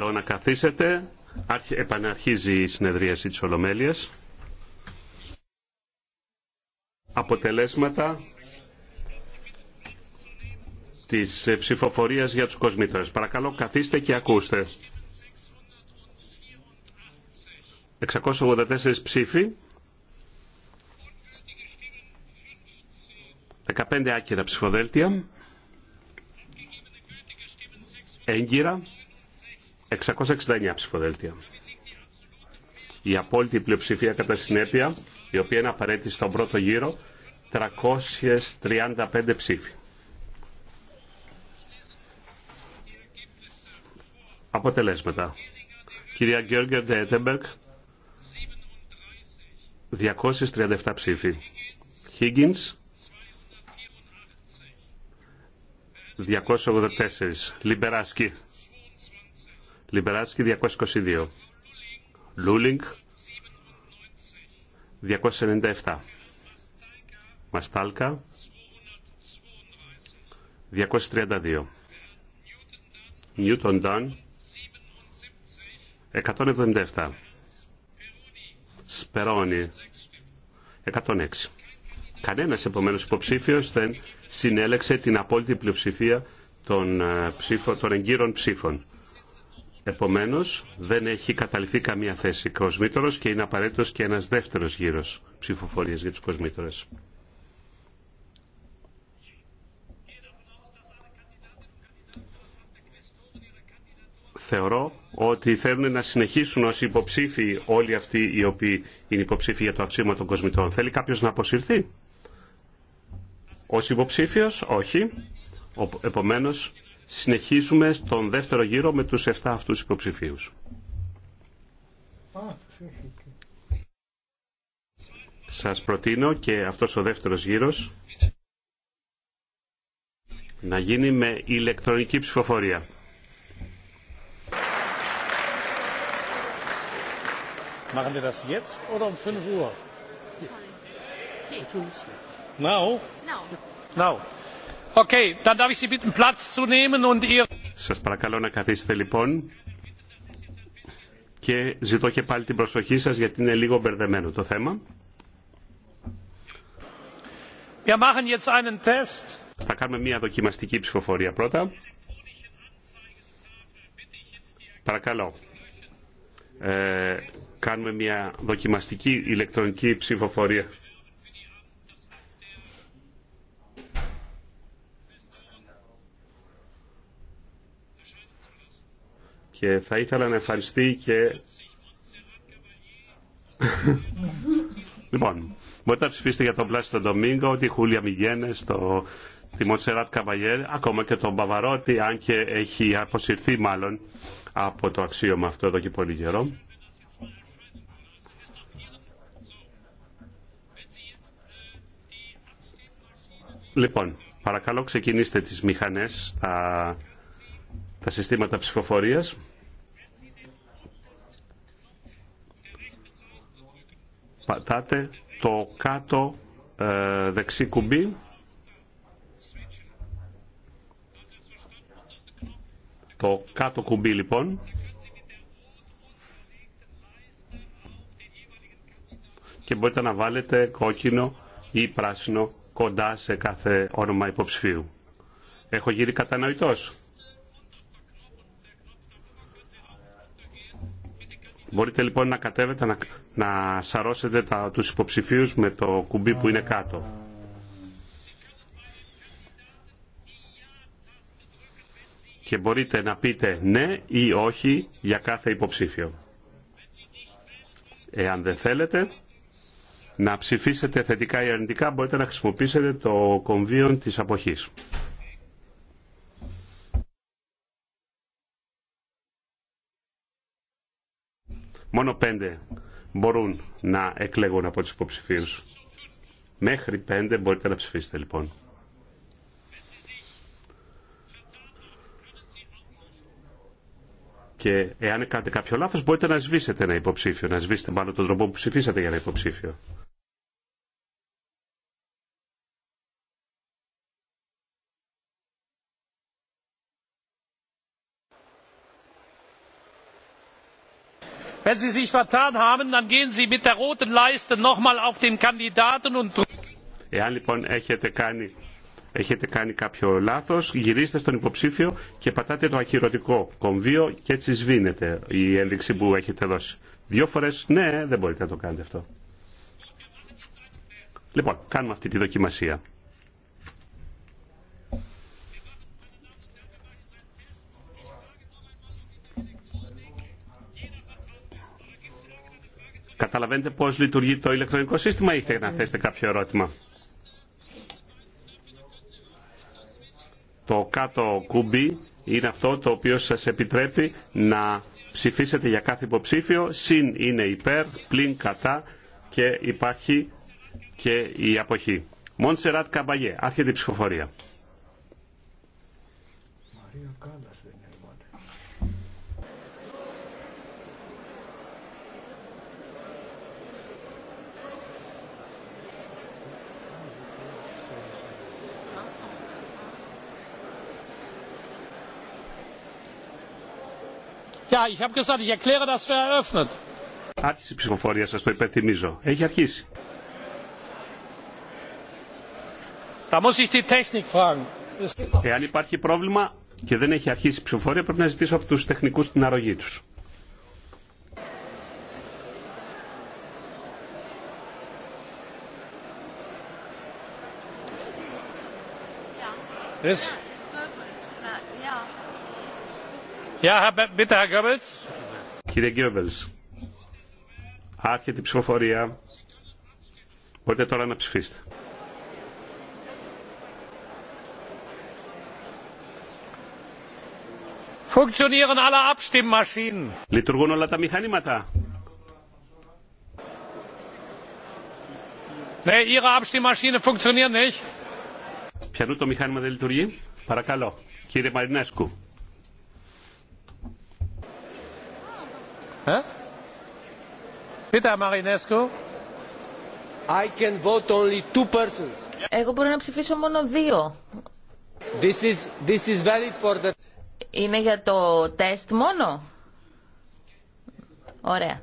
παρακαλώ να καθίσετε. Επαναρχίζει η συνεδρίαση της Ολομέλειας. Αποτελέσματα της ε, ψηφοφορίας για τους κοσμήτωρες. Παρακαλώ καθίστε και ακούστε. 684 ψήφοι. 15 άκυρα ψηφοδέλτια. Έγκυρα. 669 ψηφοδέλτια. Η απόλυτη πλειοψηφία κατά συνέπεια, η οποία είναι απαραίτητη στον πρώτο γύρο, 335 ψήφοι. Αποτελέσματα. Κυρία Γκέργερ Ντέτεμπεργκ, 237 ψήφοι. Higgins, 284. Λιμπεράσκι, Λιμπεράτσκι 222. Λούλινγκ 297. Μαστάλκα 232. Νιούτον Ντάν 177. Σπερόνι, 106. Κανένας επομένως υποψήφιος δεν συνέλεξε την απόλυτη πλειοψηφία των, ε, ψήφων, των εγκύρων ψήφων. Επομένως, δεν έχει καταληφθεί καμία θέση κοσμήτωρος και είναι απαραίτητο και ένας δεύτερος γύρος ψηφοφορίες για τους κοσμήτωρες. Θεωρώ ότι θέλουν να συνεχίσουν ως υποψήφοι όλοι αυτοί οι οποίοι είναι υποψήφοι για το αξίωμα των κοσμητών. Θέλει κάποιος να αποσυρθεί. Ως υποψήφιος, όχι. Επομένως, συνεχίζουμε στον δεύτερο γύρο με τους 7 αυτούς υποψηφίους. Σας προτείνω και αυτός ο δεύτερος γύρος να γίνει με ηλεκτρονική ψηφοφορία. Machen wir das jetzt oder um 5 Uhr? Now? Now. Now. Σας παρακαλώ να καθίσετε λοιπόν και ζητώ και πάλι την προσοχή σας γιατί είναι λίγο μπερδεμένο το θέμα. Θα κάνουμε μια δοκιμαστική ψηφοφορία πρώτα. Παρακαλώ. Ε, κάνουμε μια δοκιμαστική ηλεκτρονική ψηφοφορία. και θα ήθελα να ευχαριστεί και... λοιπόν, μπορείτε να ψηφίσετε για τον Πλάσιο Ντομίνγκο, τη Χούλια Μιγένε, το... τη Μοντσεράτ Καμπαγέρ, ακόμα και τον Παβαρότη, αν και έχει αποσυρθεί μάλλον από το αξίωμα αυτό εδώ και πολύ καιρό. Λοιπόν, παρακαλώ ξεκινήστε τις μηχανές, τα τα συστήματα ψηφοφορίας. Πατάτε το κάτω ε, δεξί κουμπί. Το κάτω κουμπί λοιπόν. Και μπορείτε να βάλετε κόκκινο ή πράσινο κοντά σε κάθε όνομα υποψηφίου. Έχω γύρει κατανοητός. Μπορείτε λοιπόν να κατέβετε, να, να σαρώσετε τα, τους υποψηφίους με το κουμπί που είναι κάτω. Και μπορείτε να πείτε ναι ή όχι για κάθε υποψήφιο. Εάν δεν θέλετε να ψηφίσετε θετικά ή αρνητικά, μπορείτε να χρησιμοποιήσετε το κομβίον της αποχής. Μόνο πέντε μπορούν να εκλέγουν από τους υποψηφίους. Μέχρι πέντε μπορείτε να ψηφίσετε λοιπόν. Και εάν κάνετε κάποιο λάθος μπορείτε να σβήσετε ένα υποψήφιο, να σβήσετε μάλλον τον τρόπο που ψηφίσατε για ένα υποψήφιο. Εάν λοιπόν έχετε κάνει, έχετε κάνει κάποιο λάθος, γυρίστε στον υποψήφιο και πατάτε το ακυρωτικό κομβείο και έτσι σβήνεται η ένδειξη που έχετε δώσει. Δύο φορές ναι, δεν μπορείτε να το κάνετε αυτό. Λοιπόν, κάνουμε αυτή τη δοκιμασία. Καταλαβαίνετε πώς λειτουργεί το ηλεκτρονικό σύστημα ή θέλετε να θέσετε κάποιο ερώτημα. Το κάτω κουμπί είναι αυτό το οποίο σας επιτρέπει να ψηφίσετε για κάθε υποψήφιο. Συν είναι υπέρ, πλην κατά και υπάρχει και η αποχή. Μοντσεράτ Καμπαγέ, άρχεται η ψηφοφορία. ich habe gesagt, ich erkläre das für eröffnet. Άρχισε η ψηφοφορία, σας το υπενθυμίζω. Έχει αρχίσει. muss ich die Technik fragen. Εάν υπάρχει πρόβλημα και δεν έχει αρχίσει η ψηφοφορία, πρέπει να ζητήσω από τους τεχνικούς την αρρωγή τους. Yeah, bitte, Herr Κύριε Γκέμπελς, άρχεται η ψηφοφορία. Μπορείτε τώρα να ψηφίσετε. Funktionieren alle Abstimmmaschinen. Λειτουργούν όλα τα μηχανήματα. Ναι, Ihre Abstimmmaschine funktionieren nicht. Ποιανού το μηχάνημα δεν λειτουργεί. Παρακαλώ. Κύριε Μαρινέσκου. Πείτε, Μαρινέσκου. I can vote only two persons. Εγώ μπορώ να ψηφίσω μόνο δύο. This is, this is valid for the... Είναι για το τεστ μόνο. Ωραία.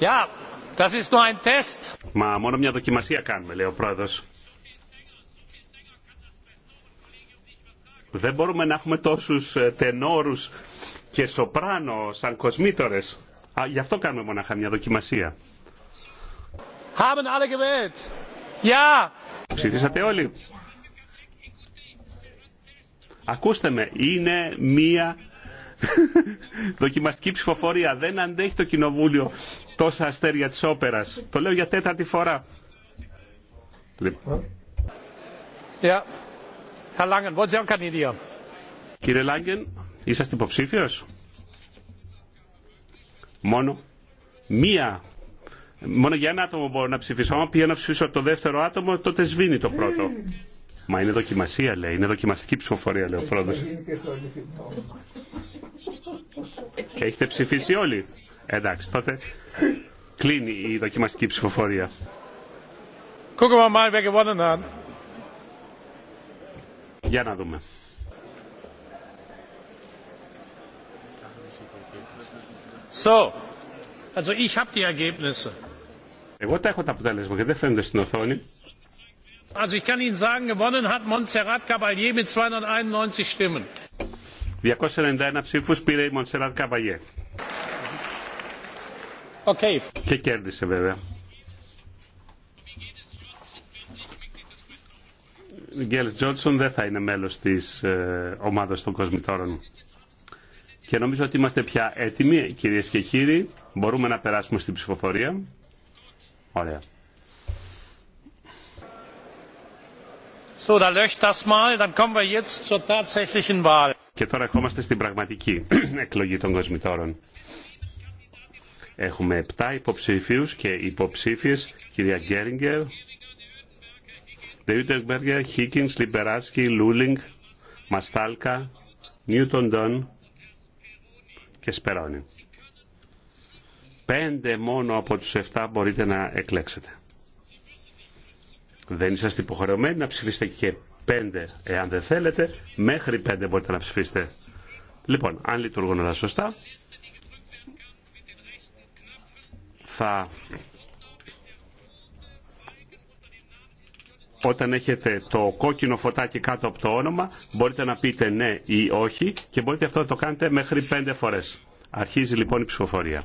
Yeah, das ist nur ein test. Μα μόνο μια δοκιμασία κάνουμε, λέει ο πρόεδρος. Δεν μπορούμε να έχουμε τόσους ε, τενόρους και σοπράνο σαν κοσμήτορες. Α, γι' αυτό κάνουμε μονάχα μια δοκιμασία. Haben Ψηφίσατε όλοι. Ακούστε με, είναι μία δοκιμαστική ψηφοφορία. Δεν αντέχει το κοινοβούλιο τόσα αστέρια της όπερας. Το λέω για τέταρτη φορά. Λοιπόν. Κύριε Λάγκεν, είσαστε υποψήφιος. Μόνο μία Μόνο για ένα άτομο μπορώ να ψηφίσω. Αν πήγα να ψηφίσω το δεύτερο άτομο, τότε σβήνει το πρώτο. Μα είναι δοκιμασία, λέει. Είναι δοκιμαστική ψηφοφορία, λέει ο πρόεδρο. Και έχετε ψηφίσει όλοι. Εντάξει, τότε κλείνει η δοκιμαστική ψηφοφορία. Για να δούμε. So, Also ich habe die Ergebnisse. Εγώ τα έχω τα αποτέλεσμα και δεν φαίνονται στην οθόνη. Also ich kann Ihnen sagen, gewonnen hat Montserrat Caballé mit 291 Stimmen. 291 ψήφους πήρε η Montserrat Caballé. Okay. Και κέρδισε βέβαια. Γκέλ Τζόνσον δεν θα είναι μέλος της ε, ομάδας των κοσμητόρων. Και νομίζω ότι είμαστε πια έτοιμοι, κυρίες και κύριοι. Μπορούμε να περάσουμε στην ψηφοφορία. Ωραία. So, da löscht das mal, dann kommen wir jetzt zur tatsächlichen Wahl. Και τώρα ερχόμαστε στην πραγματική εκλογή των κοσμητόρων. Έχουμε 7 υποψήφιους και υποψήφιες, κυρία Γκέριγκερ, Δεύτερμπεργκερ, Χίκινς, Λιμπεράσκι, Λούλινγκ, Μαστάλκα, Νιούτον Ντόν και Σπερόνι. Πέντε μόνο από τους εφτά μπορείτε να εκλέξετε. Δεν είσαστε υποχρεωμένοι να ψηφίσετε και πέντε εάν δεν θέλετε. Μέχρι πέντε μπορείτε να ψηφίσετε. Λοιπόν, αν λειτουργούν όλα σωστά, θα... Όταν έχετε το κόκκινο φωτάκι κάτω από το όνομα, μπορείτε να πείτε ναι ή όχι και μπορείτε αυτό να το κάνετε μέχρι πέντε φορές. Αρχίζει λοιπόν η ψηφοφορία.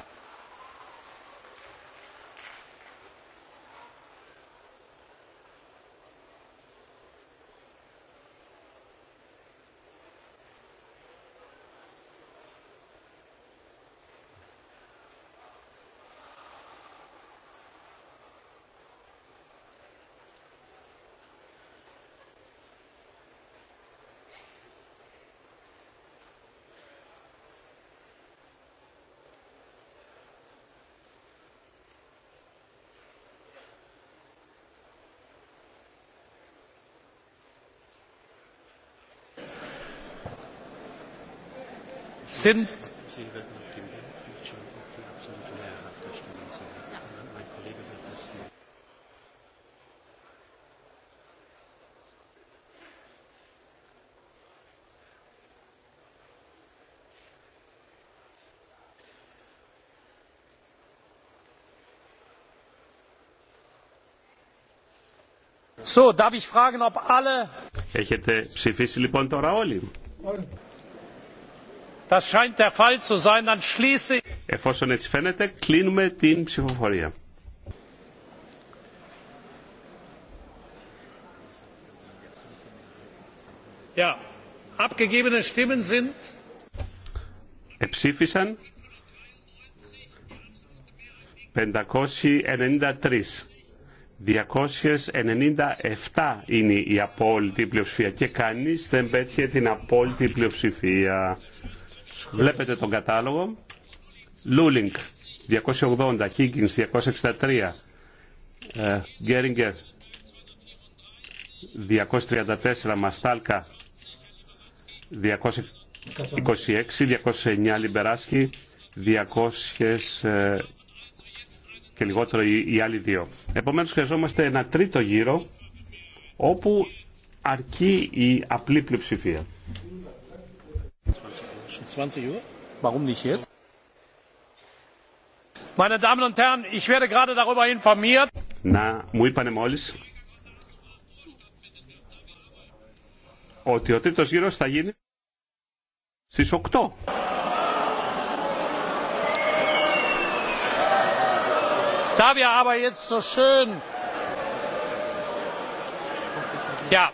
sind So, darf ich fragen, Έχετε ψηφίσει λοιπόν τώρα όλοι. όλοι. Εφόσον έτσι φαίνεται, κλείνουμε την ψηφοφορία. Εψήφισαν 593. 297 είναι η απόλυτη πλειοψηφία και κανείς δεν πέτυχε την απόλυτη πλειοψηφία. Βλέπετε τον κατάλογο. Λούλινγκ 280, Higgins 263, ε, Γκέριγκερ 234, Μαστάλκα 226, 209, Λιμπεράσκι 200 ε, και λιγότερο οι άλλοι δύο. Επομένως χρειαζόμαστε ένα τρίτο γύρο όπου αρκεί η απλή πλειοψηφία. 20 Uhr? Warum nicht jetzt? Meine Damen und Herren, ich werde gerade darüber informiert. Να μου είπανε μόλις ότι ο τρίτος γύρος θα γίνει στις 8. Da wir aber jetzt so schön ja,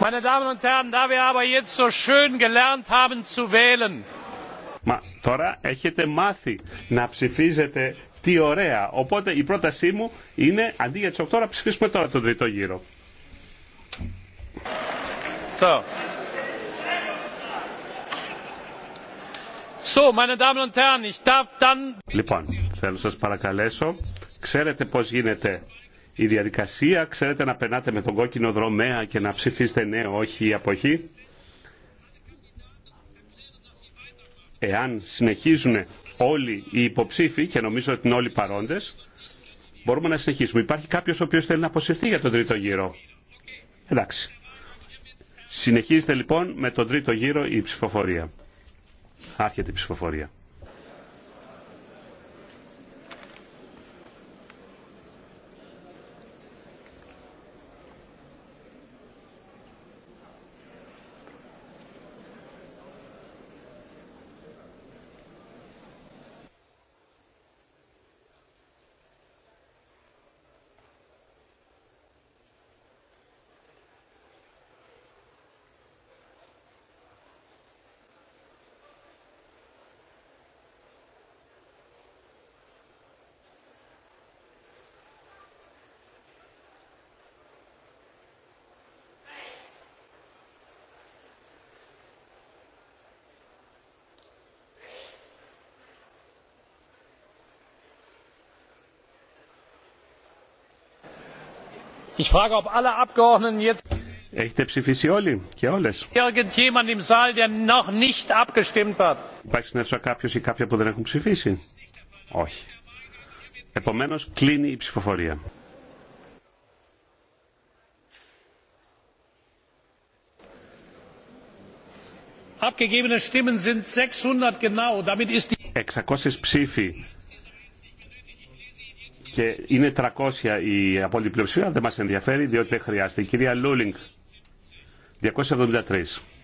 Meine Damen und Herren, da wir aber jetzt so schön gelernt haben zu wählen. Μα τώρα έχετε μάθει να ψηφίζετε τι ωραία. Οπότε η πρότασή μου είναι αντί για τις 8 να ψηφίσουμε τώρα τον τρίτο γύρο. So. So, meine Damen und Herren, ich darf dann... Λοιπόν, θέλω σας παρακαλέσω. Ξέρετε πώς γίνεται η διαδικασία, ξέρετε να περνάτε με τον κόκκινο δρομέα και να ψηφίσετε ναι, όχι ή αποχή. Εάν συνεχίζουν όλοι οι υποψήφοι και νομίζω ότι είναι όλοι παρόντες, μπορούμε να συνεχίσουμε. Υπάρχει κάποιος ο οποίος θέλει να αποσυρθεί για τον τρίτο γύρο. Εντάξει. Συνεχίζεται λοιπόν με τον τρίτο γύρο η ψηφοφορία. Άρχεται η ψηφοφορία. Ich frage, Έχετε ψηφίσει όλοι και όλες. Υπάρχει αίθουσα κάποιος ή κάποια που δεν έχουν ψηφίσει. Όχι. Επομένως κλείνει η ψηφοφορία. Abgegebene 600 600 ψήφοι και είναι 300 η απόλυτη πλειοψηφία, δεν μας ενδιαφέρει διότι δεν χρειάζεται. Η κυρία Λούλινγκ, 273.